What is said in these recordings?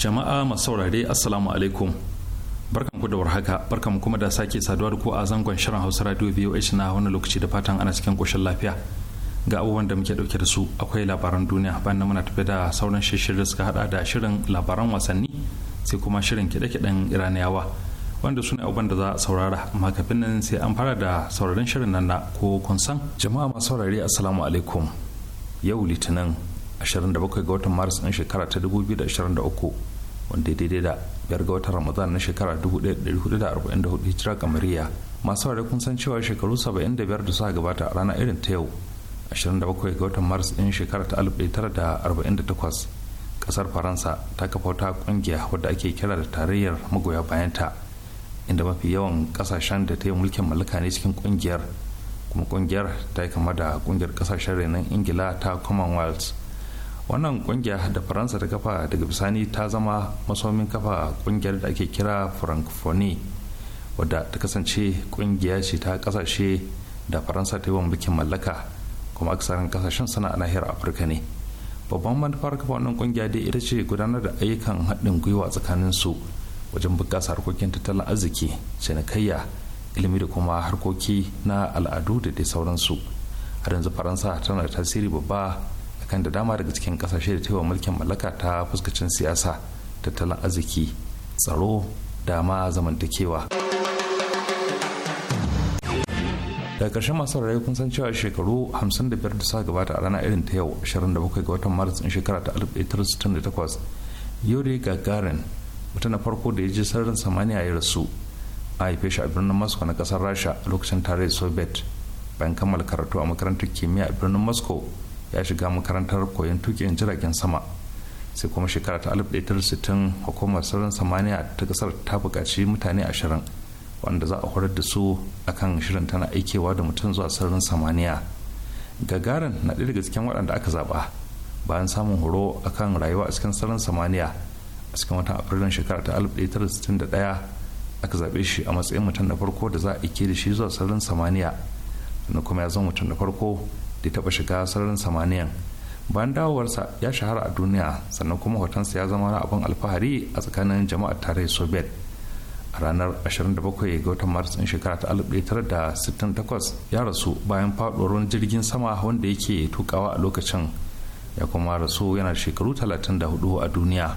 jama'a masu saurare assalamu alaikum barkan ku da warhaka barkan kuma da sake saduwa da ku a zangon shirin hausa radio voh na wani lokaci da fatan ana cikin koshin lafiya ga abubuwan da muke dauke da su akwai labaran duniya bayan muna tafi da sauran shirin da suka hada da shirin labaran wasanni sai kuma shirin kiɗe-kiɗen iraniyawa wanda su ne abubuwan da za a saurara amma kafin nan sai an fara da sauraron shirin nan na ko kun san jama'a masu saurare assalamu alaikum yau litinin 27 ga watan maris ɗin shekara ta 2023 wanda daidai da biyar ga watan ramadan na shekara 1444 hijira kamariya masu ware kun san cewa shekaru 75 da suka gabata a ranar irin ta yau 27 ga watan maris din shekara ta 1948 kasar faransa ta kafa wata kungiya wadda ake kira da tarayyar magoya bayanta inda mafi yawan kasashen da ta yi mulkin mallaka ne cikin kungiyar kuma kungiyar ta yi kama da kungiyar kasashen renon ingila ta commonwealth wannan kungiya da faransa ta kafa daga bisani ta zama masomin kafa kungiyar da ake kira francophonie wadda ta kasance kungiya ce ta kasashe da faransa ta yi wa mulkin mallaka kuma aksarin kasashen suna a nahiyar afirka ne babban manufar kafa wannan kungiya dai ita ce gudanar da ayyukan haɗin gwiwa tsakanin su wajen bukasa harkokin tattalin arziki cinikayya ilimi da kuma harkoki na al'adu da dai sauransu har yanzu faransa tana da tasiri babba kan da dama daga cikin kasashe da taiwa mulkin mallaka ta fuskacin siyasa tattalin arziki tsaro da ma zamantakewa daga ƙarshen masu rayu kun san cewa shekaru 55 da sa gabata a ranar irin ta yau 27 ga watan maris shekara ta 1968 yuri gagarin mutum na farko da ya je sararin samaniya ya rasu a haife shi a birnin moscow na kasar rasha a lokacin tarayyar soviet bayan kammala karatu a makarantar kimiyya a birnin moscow ya shiga makarantar koyon tukin jiragen sama sai kuma shekara ta 1960 hukumar sararin samaniya ta kasar ta buƙaci mutane ashirin wanda za a horar da su akan shirin tana aikewa da mutum zuwa sararin samaniya gagarin na ɗaya daga cikin waɗanda aka zaɓa bayan samun horo akan rayuwa a cikin sararin samaniya a cikin watan afrilun shekara ta 1961 aka zaɓe shi a matsayin mutum na farko da za a ike da shi zuwa sararin samaniya sannan kuma ya zama mutum na farko da taɓa shiga sararin samaniyan bayan dawowarsa ya shahara a duniya sannan kuma hotonsa ya zama abin alfahari a tsakanin jama'ar tarayyar soviet a ranar 27 ga watan maris din shekara ta 1968 ya rasu bayan faɗuwar jirgin sama wanda yake tukawa a lokacin ya kuma rasu yana shekaru 34 a duniya.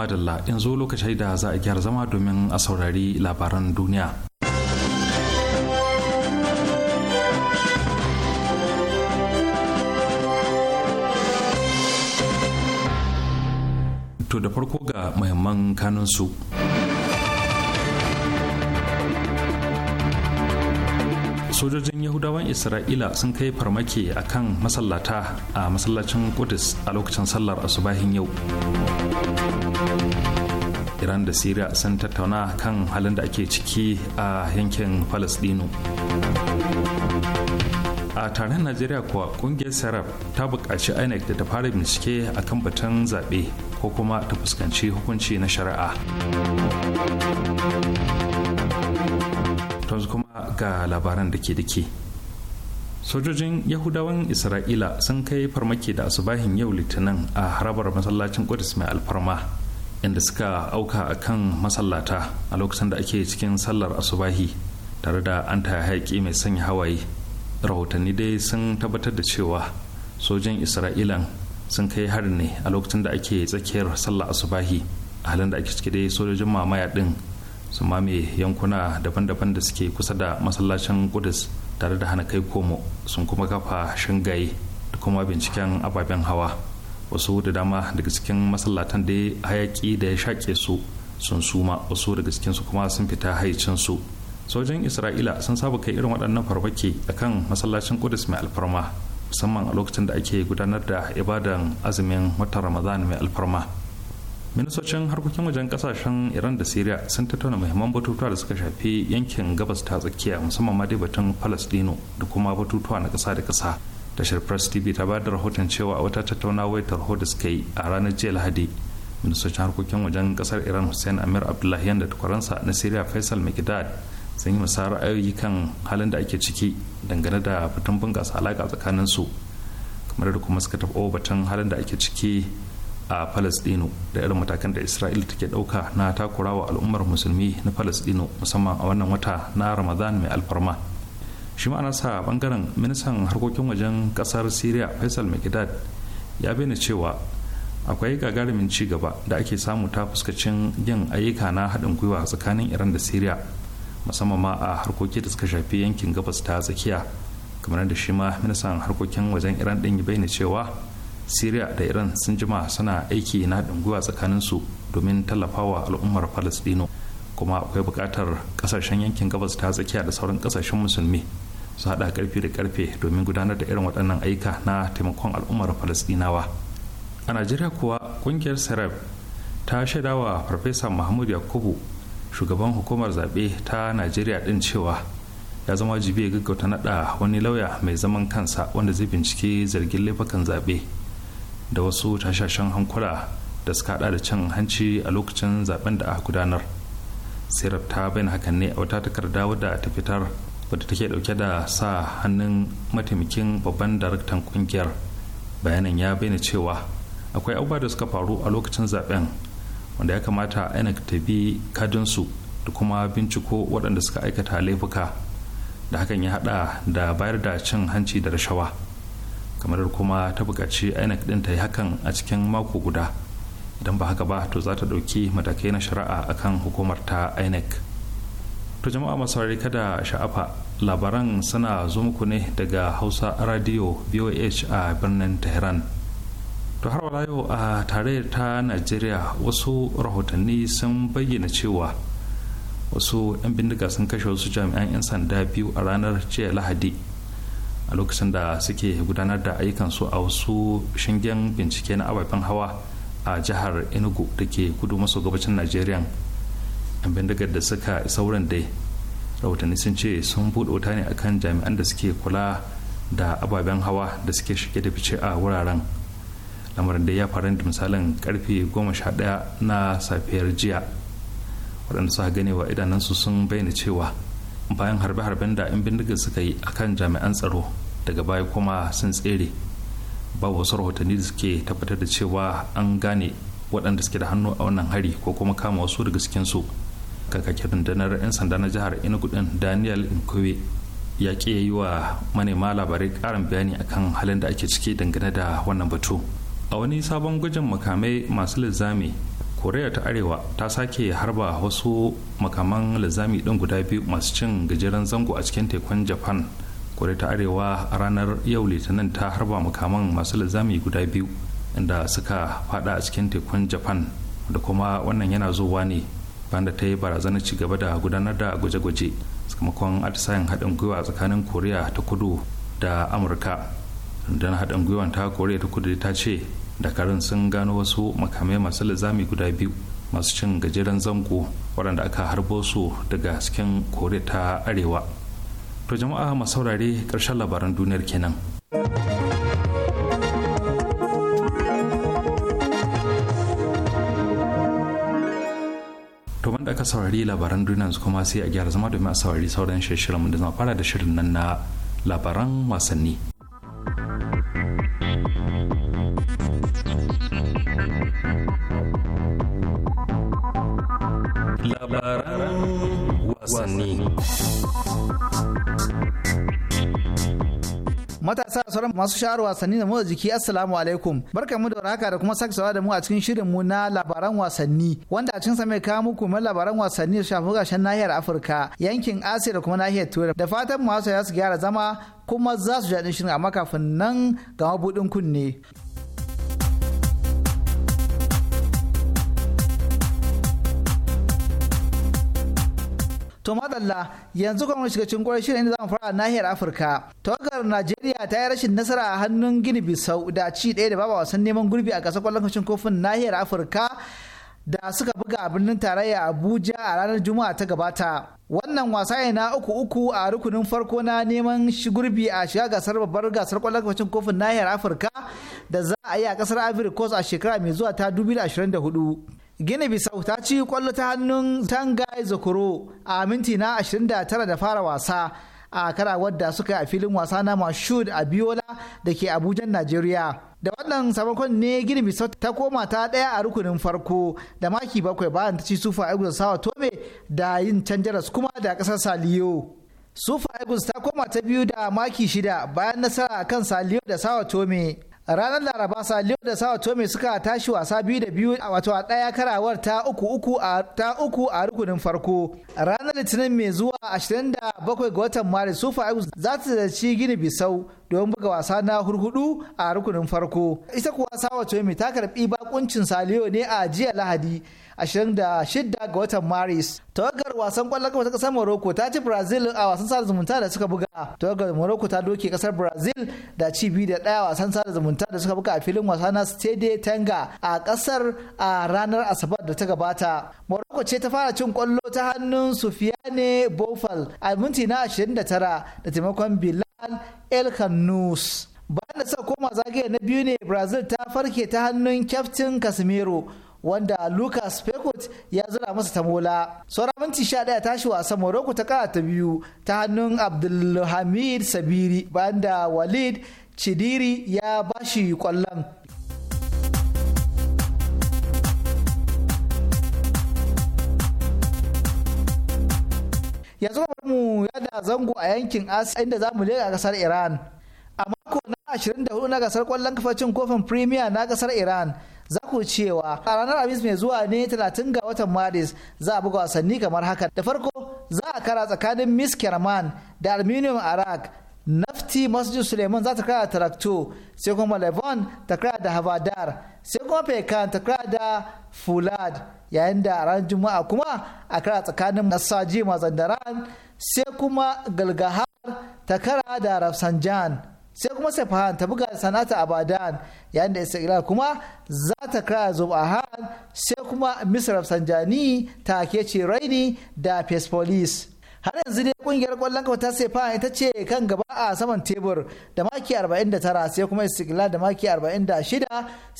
madalla in zo lokacin da za a gyara zama domin a saurari labaran duniya. To da farko ga muhimman kanunsu. su. sojojin yahudawan isra'ila sun kai farmaki a kan masallata a masallacin kudus a lokacin sallar asubahin yau iran da syria sun tattauna kan halin da ake ciki a yankin palestino a tarihin najeriya kuwa kungiyar sarab ta buƙaci inec da ta fara bincike a kan batun zaɓe ko kuma ta fuskanci hukunci na shari'a yanzu kuma ga labaran da ke dake sojojin yahudawan isra'ila sun kai farmaki da asubahin yau litinin a harabar masallacin kudus mai alfarma inda suka auka a kan masallata a lokacin da ake cikin sallar asubahi tare da an ta hayaki mai sanya hawaye rahotanni dai sun tabbatar da cewa sojin isra'ila sun kai harin ne a lokacin da ake tsakiyar sallar asubahi a halin da ake ciki dai sojojin mamaya din su mame yankuna daban-daban da suke kusa da masallacin kudus tare da hana kai komo sun kuma kafa shingaye da kuma binciken ababen hawa wasu da dama daga cikin masallatan da hayaki da ya shaƙe su sun suma wasu daga su kuma sun fita su sojin isra'ila sun saba kai irin waɗannan a kan masallacin kudus mai alfarma musamman a lokacin da ake gudanar da ibadan azumin watan ramadan mai alfarma ministocin harkokin wajen kasashen iran da syria sun tattauna muhimman batutuwa da suka shafi yankin gabas ta tsakiya musamman ma dai batun palestino da kuma batutuwa na kasa da kasa tashar press tv ta bayar da rahoton cewa wata wata tattaunawar tarho da suka yi a ranar jiya lahadi ministocin harkokin wajen kasar iran hussein amir abdullahi da takwaransa na syria faisal mcdad sun yi masa ra'ayoyi kan halin da ake ciki dangane da batun bunƙasa alaƙa tsakaninsu kamar da kuma suka taɓo batun halin da ake ciki a Falasdino da irin matakan da isra'ila take ɗauka na takura wa al'ummar musulmi na Falasdino musamman a wannan wata na ramadan mai alfarma shi sa a bangaren ministan harkokin wajen ƙasar syria faisal mcdad ya bayyana cewa akwai gagarumin ci gaba da ake samu ta fuskacin yin ayyuka na haɗin gwiwa tsakanin iran da syria musamman ma a harkoki da suka shafi yankin gabas ta tsakiya kamar da shi ma ministan harkokin wajen iran ɗin ya bayyana cewa syria da iran sun jima suna aiki na tsakanin su domin tallafawa al'ummar palestino kuma akwai buƙatar ƙasashen yankin gabas ta tsakiya da sauran ƙasashen musulmi su haɗa ƙarfi da ƙarfe domin gudanar da irin waɗannan aika na taimakon al'ummar falastinawa a najeriya kuwa ƙungiyar sarab ta shaidawa farfesa mahmud yakubu shugaban hukumar zaɓe ta najeriya ɗin cewa ya zama jibi gaggauta naɗa wani lauya mai zaman kansa wanda zai bincike zargin laifukan zaɓe da wasu tashashen hankula da suka hada da cin hanci a lokacin zaben da aka gudanar sirab ta bayyana hakan ne a wata takarda wadda ta fitar wadda take dauke da sa hannun mataimakin babban daraktan kungiyar bayanan ya bayyana cewa akwai abubuwa da suka faru a lokacin zaben wanda ya kamata inec ta bi kadinsu da kuma binciko waɗanda suka aikata laifuka da hakan ya hada da bayar da cin hanci da rashawa. kamar kuma ta buƙaci inec ɗin ta yi hakan a cikin mako guda idan ba haka ba to za ta ɗauki matakai na shari'a akan hukumar ta inec to jama'a masu kada sha'afa labaran suna zo muku ne daga hausa radio voh a birnin tehran to har wala yau a tarayyar ta najeriya wasu rahotanni sun bayyana cewa wasu 'yan bindiga sun kashe wasu jami'an 'yan sanda biyu a ranar jiya lahadi a lokacin da suke gudanar da ayyukansu a wasu shingen bincike na ababen hawa a jihar enugu da ke kudu maso gabacin najeriya yan bindigar da suka isa wurin dai rahotanni sun ce sun buɗe wuta ne akan jami'an da suke kula da ababen hawa da suke shige da fice a wuraren lamarin da ya faru da misalin karfe ɗaya na safiyar jiya waɗanda suka gane wa idanunsu sun bayyana cewa bayan harbe-harben da 'yan bindigar suka yi akan jami'an tsaro daga baya kuma sun tsere babu wasu rahotanni da suke tabbatar da cewa an gane waɗanda suke da hannu a wannan hari ko kuma kama wasu daga cikinsu kakakin dandanar 'yan sanda na jihar enugu daniel inkowe ya ke yi wa manema labarai ƙarin bayani akan halin da ake ciki dangane da wannan batu a wani sabon gwajin makamai masu lizami koriya ta arewa ta sake harba wasu makaman lizami ɗin guda biyu masu cin gajeren zango a cikin tekun japan kore ta arewa a ranar yau litinin ta harba makaman masu lizami guda biyu inda suka fada a cikin tekun japan da kuma wannan yana zuwa ne banda ta yi barazanar ci gaba da gudanar da gwaje-gwaje sakamakon atisayen haɗin gwiwa tsakanin koriya ta kudu da amurka rundunar haɗin gwiwa ta koriya ta kudu ta ce dakarun sun gano wasu makamai masu lizami guda biyu masu cin gajeren zango waɗanda aka harbo su daga cikin koriya ta arewa to jama'a masu saurare ƙarshen labaran duniyar kenan. to da aka saurari labaran duniya kuma sai a gyara zama domin a saurari sauran shirin da zama fara da shirin nan na labaran wasanni. matasa da sauran masu shahar wasanni da motsa jiki assalamu alaikum barka mu da warhaka da kuma sake da mu a cikin shirin mu na labaran wasanni wanda a cikin sa mai kawo muku mai labaran wasanni da shafi gashin nahiyar afirka yankin asiya da kuma nahiyar turai da fatan masu ya su gyara zama kuma za su jaɗin shirin amma kafin nan ga mabuɗin kunne. To madalla yanzu kuma shiga cikin shi shirin da zamu fara a nahiyar Afirka. Tawagar Najeriya ta yi rashin nasara a hannun Gini Bisau da ci ɗaya da babu wasan neman gurbi a gasar kwallon kashin kofin nahiyar Afirka da suka buga a birnin tarayya Abuja a ranar Juma'a ta gabata. Wannan wasa ne na uku uku a rukunin farko na neman gurbi a shiga gasar babbar gasar kwallon kashin kofin nahiyar Afirka da za a yi a kasar Ivory Coast a shekara mai zuwa ta 2024. gini bisa ta ci kwallo ta hannun tangai zokoro a minti na 29 da fara wasa a kara wadda suka yi a filin wasa na mashud a biola da ke abuja najeriya da wannan samakon ne gini bisa ta koma ta daya a rukunin farko da maki bakwai bayan ta ci sufa eagles sawa tome da yin canjaras kuma da kasar saliyo sufa eagles ta koma ta biyu da maki shida bayan nasara akan saliyo da sawa tome ranar laraba saliyo da sawa tome suka tashi wasa biyu da biyu a wato a ɗaya karawar ta uku uku a ta uku a rukunin farko ranar litinin mai zuwa 27 ga watan maris sufa eagles za ta zaci gini bisau don buga wasa na hurhudu a rukunin farko ita kuwa sawa tome ta karbi bakuncin saliyo ne a jiya lahadi 26 ga watan maris tawagar wasan kwallon kafa ta kasar morocco ta ci brazil a wasan sada zumunta da suka buga tawagar morocco ta doke kasar brazil da ci biyu da daya wasan sada zumunta da suka buga a filin wasa na stade tanga a kasar a ranar asabar da ta gabata morocco ce ta fara cin kwallo ta hannun sufiane bofal a minti na 29 da taimakon bilal el kanus bayan da suka koma zagaye na biyu ne brazil ta farke ta hannun kyaftin casemiro wanda lucas fekut ya zura masa ta mola saura minti sha ɗaya tashi wasan morocco ta kara ta biyu ta hannun abdulhamid sabiri bayan da walid chidiri ya bashi kwallon yanzu kamar mu yada zango a yankin asiya inda za mu lera kasar iran a mako na 24 na gasar kwallon kafacin kofin premier na kasar iran za ku cewa a ranar Alhamis mai zuwa ne 30 ga watan Maris za a buga wasanni kamar haka. Da farko za a kara tsakanin Miss Kerman da Aluminium Arak Nafti Masjid Suleiman za ta kara Tarakto, sai kuma Levon ta kara da Havadar, sai kuma Pekan ta kara da Fulad, yayin da ranar Juma'a kuma a kara tsakanin Nasaji Mazandaran, sai kuma Galgahar ta kara da Rafsanjan. sai kuma safahan ta buga sanata abadan yayin da istiklal kuma za ta kara zubahan sai kuma misraf sanjani ta kece raini da fespolis har yanzu dai kungiyar kwallon kafa ta sefa ita ce kan gaba a saman tebur da maki 49 sai kuma istiklal da maki 46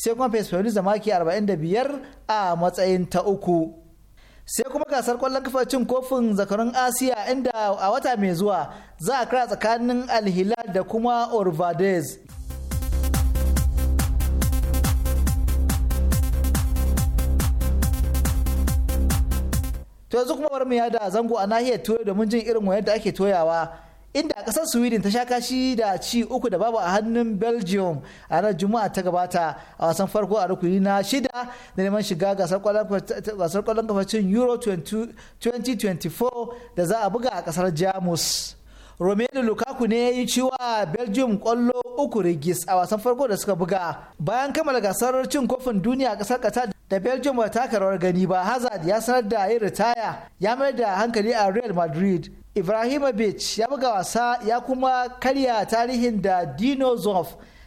sai kuma fespolis da maki 45 a matsayin ta uku sai kuma gasar kwallon kafa cin kofin zakarun asiya inda a wata mai zuwa za a kira tsakanin alhilal da kuma orvadez to yanzu kuma bari mu yada zango a nahiyar turai domin jin irin wayar da ake toyawa inda a kasar sweden ta sha kashi da ci uku da babu a hannun belgium a ranar juma'a ta gabata a wasan farko a rukuni na shida da neman shiga gasar kwallon kafacin euro 2024 da za a buga a kasar jamus romelu lukaku ne ya yi ciwa belgium kwallo uku rigis a wasan farko da suka buga bayan kammala gasar cin kofin duniya a kasar qatar da belgium ba ta rawar gani ba hazard ya sanar da yin ritaya ya mayar da hankali a real madrid ibrahimovic ya buga wasa ya kuma karya tarihin da dino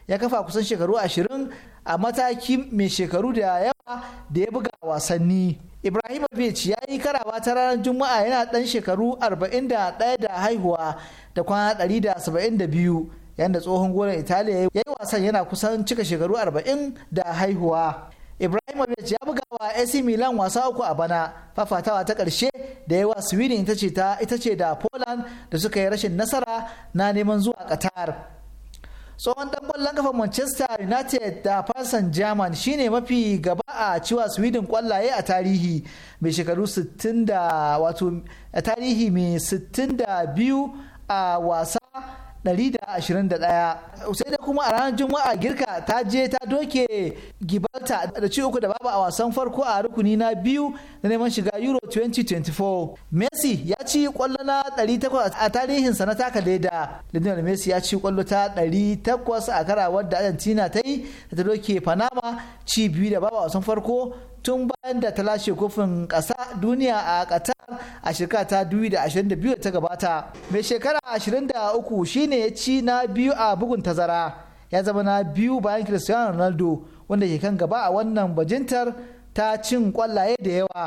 ya kafa kusan shekaru ashirin a mataki mai shekaru da yawa da ya buga wasanni ibrahimovic ya yi karawa ta ranar juma'a yana ɗan shekaru 41 da haihuwa da kwana 172 yadda tsohon gonar italiya ya yi wasan yana kusan cika shekaru 40 da haihuwa ibrahimovic ya buga wa ac milan wasa uku a bana fafatawa ta ƙarshe da yawa sweden ita ce ta ita ce da poland da suka yi rashin nasara na neman zuwa qatar tsohon dan ballon kafa manchester united da fasan german shine mafi gaba a ciwa sweden kwallaye a tarihi mai shekaru 60 da wato a tarihi mai 62 a wasa 121 sai da kuma a ranar juma'a girka ta je ta doke gibalta da ci uku da babu a wasan farko a rukuni na biyu na neman shiga euro 2024 messi ya ci kwallo na 800 a tarihinsa na taka leda lionel messi ya ci kwallo ta 800 a kara wadda argentina ta yi ta doke panama ci biyu da babu a wasan farko tun bayan da ta lashe kofin ƙasa duniya a qatar a shekara ta 2022 ta gabata mai shekara 23 shine ya ci na biyu a bugun tazara ya zama na biyu bayan cristiano ronaldo wanda ke kan gaba a wannan bajintar ta cin kwallaye da yawa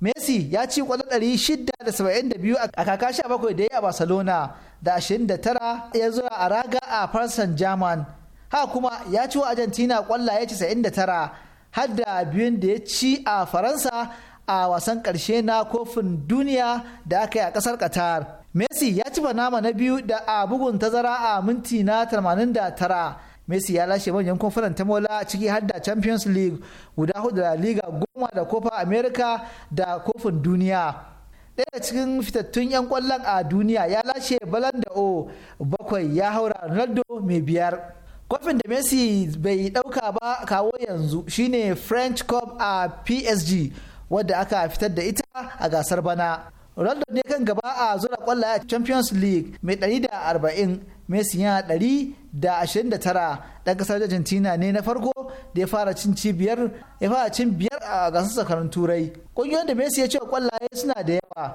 messi ya ci kwallo 672 a kaka 17 da ya a barcelona da 29 ya zura a raga a farsan german ha kuma ya ci wa argentina kwallaye 99 har da biyun da ya ci a faransa a wasan ƙarshe na kofin duniya da aka yi a ƙasar qatar messi ya ci nama na biyu da a bugun tazara a minti na 89 messi ya lashe manyan kofunan ta mola ciki har da champions league guda hudu da liga goma da kofa america da kofin duniya ɗaya cikin fitattun 'yan kwallon a duniya ya lashe balan da o bakwai ya haura ronaldo mai biyar kofin da messi bai dauka ba kawo yanzu shine french cup a psg wadda aka fitar da ita a gasar bana ronaldo ne kan gaba a zura kwallaye a champions league mai 140 messi yana 129 dan kasar argentina ne na farko da ya fara cin cibiyar ya fara cin biyar a gasar zakarun turai ƙungiyoyin da messi ya ce kwallaye suna da yawa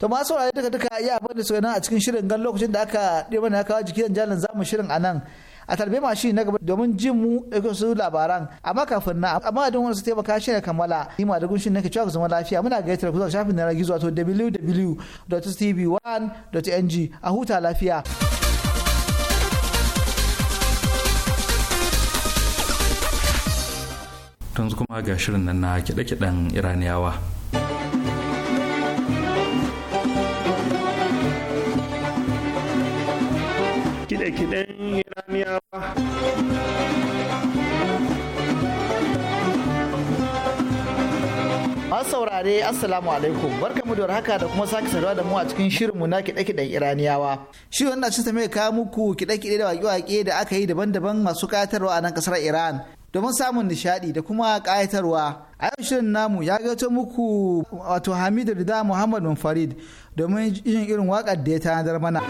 to ma saurare duka duka iya abin da suka nan a cikin shirin gan lokacin da aka ɗaya mana kawo jiki zan jalin zamu shirin a nan a tarbe mashi na gaba domin jin mu ɗauke su labaran amma kafin na amma don wani su taimaka shi ne kammala ni ma da gunshin nake cewa ku zama lafiya muna gaitar ku zuwa shafin na gizo wato www.tv1.ng a huta lafiya. Tanzu kuma ga shirin nan na kiɗe-kiɗen Iraniyawa. kiɗe-kiɗen iraniyawa masu saurare assalamu alaikum barkamu da haka da kuma sake saduwa da mu a cikin shirinmu na kiɗe-kiɗen iraniyawa shi wannan cin mai kawo muku kiɗe-kiɗe da waƙe-waƙe da aka yi daban-daban masu ƙayatarwa a nan ƙasar iran domin samun nishaɗi da kuma kayatarwa a yau shirin namu ya gato muku wato hamidu rida muhammad farid domin yin irin waƙar da ya tanadar mana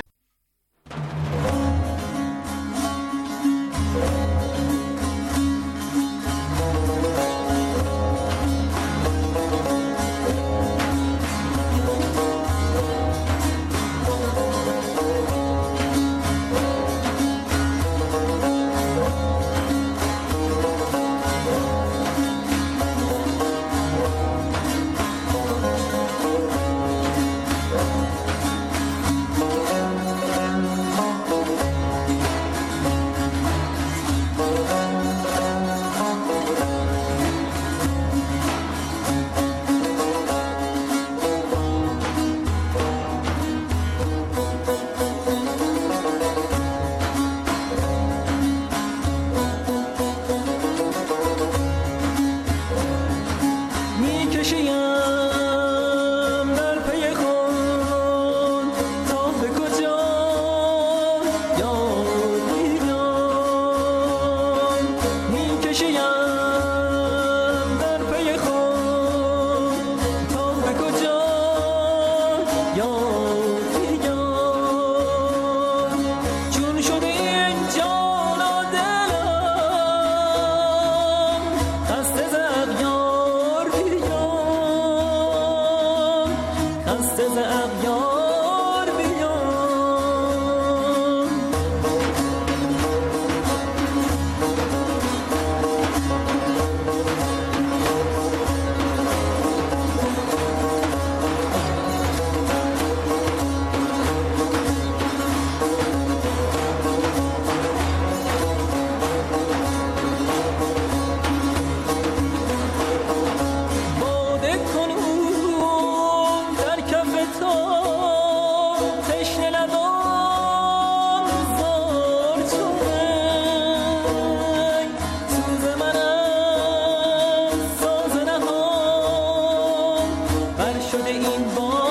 in born.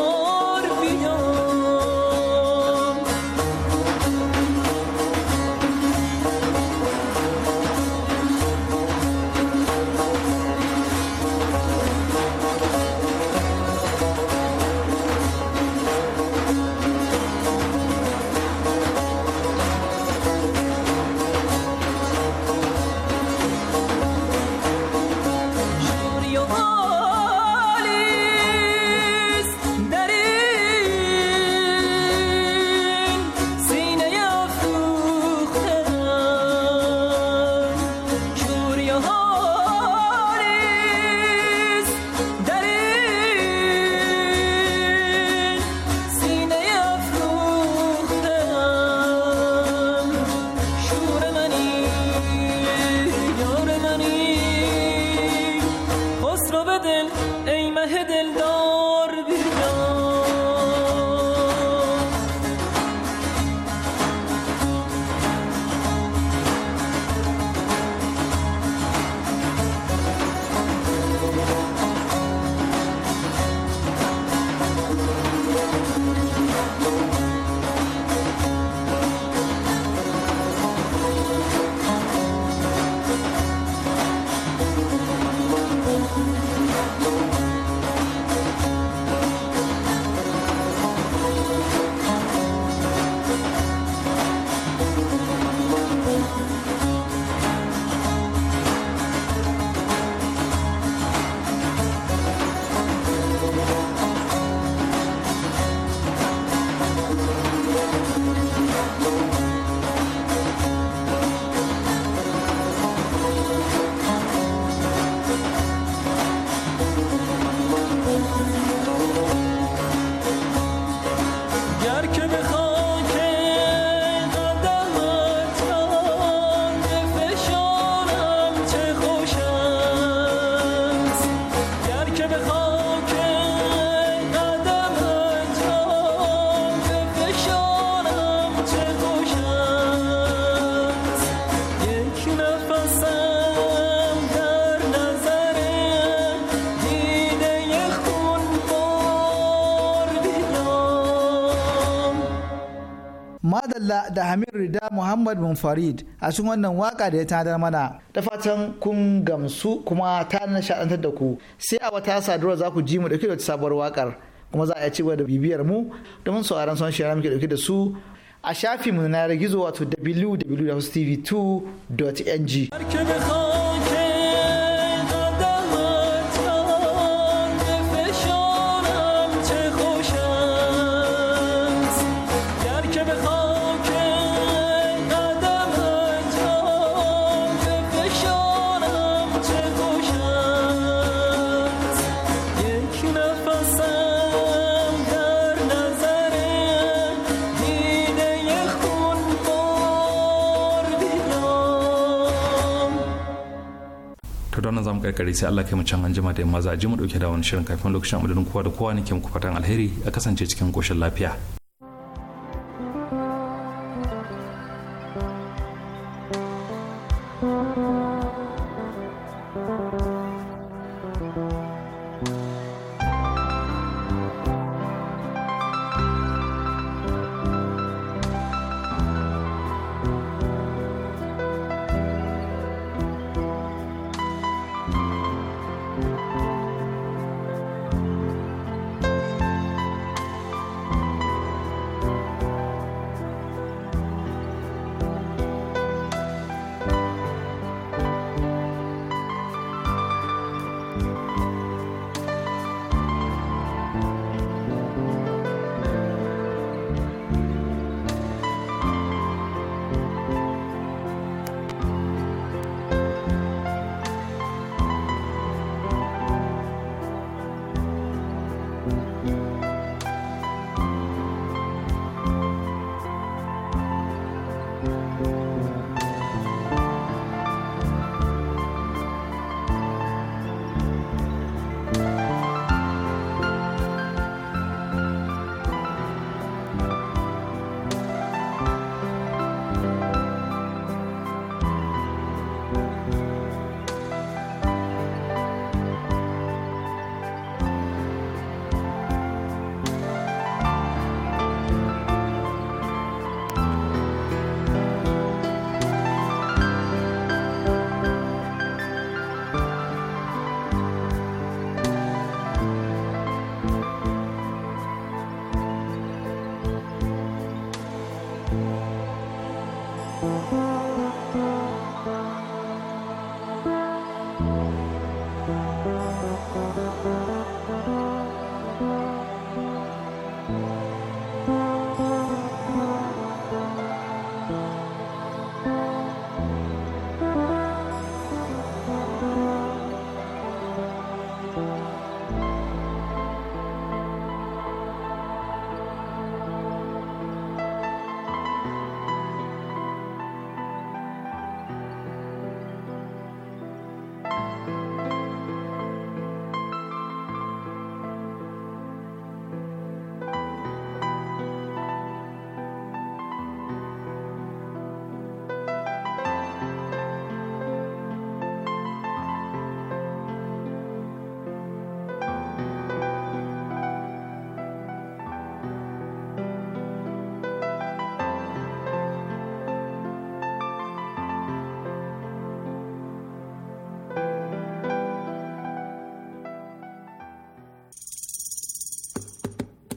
da Hamid Rida Muhammad farid a cikin wannan waka da ya tanadar mana. Da fatan kun gamsu kuma ta nishaɗantar da ku sai a wata sadarwa za ku ji mu dauke da wata sabuwar wakar kuma za a iya cewa da bibiyar mu domin sauraron son shi muke dauke da su a shafinmu mu na gizo wato www.tv2.ng. kare sai Allah kai mu can anjima da yamma za a ji mu dauke da wani shirin kafin lokacin amadadin kowa da kowa ne ke muku fatan alheri a kasance cikin koshin lafiya